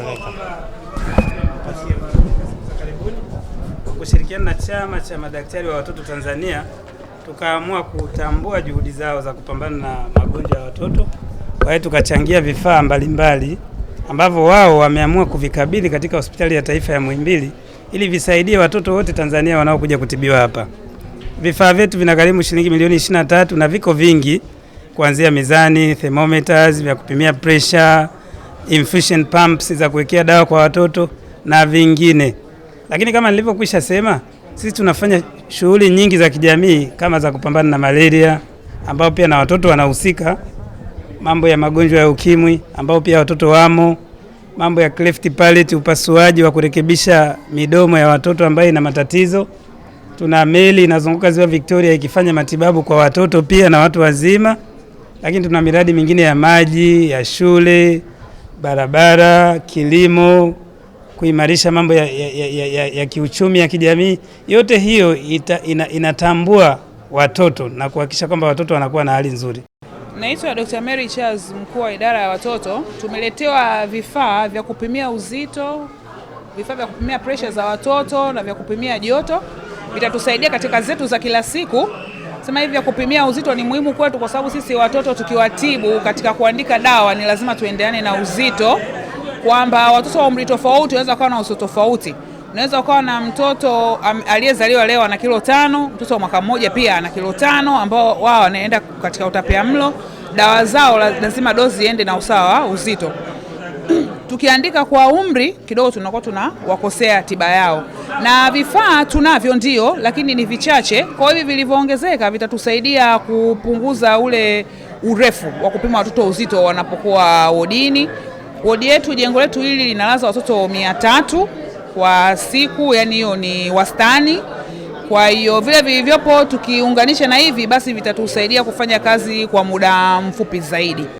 Tanganyika kushirikiana na chama cha madaktari wa watoto Tanzania tukaamua kutambua juhudi zao za kupambana na magonjwa ya watoto. Kwa hiyo tukachangia vifaa mbalimbali ambavyo wao wameamua kuvikabidhi katika hospitali ya taifa ya Muhimbili ili visaidie watoto wote Tanzania wanaokuja kutibiwa hapa. Vifaa vyetu gharimu shilingi milioni 23 na viko vingi kuanzia mizani, thermometers vya kupimia pressure infusion pumps za kuwekea dawa kwa watoto na vingine. Lakini kama nilivyokwisha sema, sisi tunafanya shughuli nyingi za kijamii kama za kupambana na malaria, ambao pia na watoto wanahusika, mambo ya magonjwa ya ukimwi, ambao pia watoto wamo, mambo ya cleft palate, upasuaji wa kurekebisha midomo ya watoto ambayo ina matatizo. Tuna meli inazunguka ziwa Victoria ikifanya matibabu kwa watoto pia na watu wazima, lakini tuna miradi mingine ya maji ya shule barabara, kilimo, kuimarisha mambo ya, ya, ya, ya, ya kiuchumi ya kijamii. Yote hiyo ita, ina, inatambua watoto na kuhakikisha kwamba watoto wanakuwa na hali nzuri. Naitwa Dr. Mary Charles, mkuu wa idara ya watoto. Tumeletewa vifaa vya kupimia uzito, vifaa vya kupimia pressure za watoto na vya kupimia joto, vitatusaidia katika zetu za kila siku. Sema hivi ya kupimia uzito ni muhimu kwetu, kwa sababu sisi watoto tukiwatibu katika kuandika dawa ni lazima tuendeane na uzito, kwamba watoto wa umri tofauti wanaweza kuwa na uzito tofauti. Unaweza ukawa na mtoto aliyezaliwa leo ana kilo tano, mtoto wa mwaka mmoja pia ana kilo tano, ambao wao wanaenda katika utapia mlo. Dawa zao lazima dozi iende na usawa uzito. Tukiandika kwa umri kidogo, tunakuwa tunawakosea tiba yao na vifaa tunavyo ndio, lakini ni vichache. Kwa hivi vilivyoongezeka vitatusaidia kupunguza ule urefu wa kupima watoto uzito wanapokuwa wodini. Wodi yetu, jengo letu hili linalaza watoto mia tatu kwa siku, yani hiyo ni wastani. Kwa hiyo vile vilivyopo tukiunganisha na hivi basi vitatusaidia kufanya kazi kwa muda mfupi zaidi.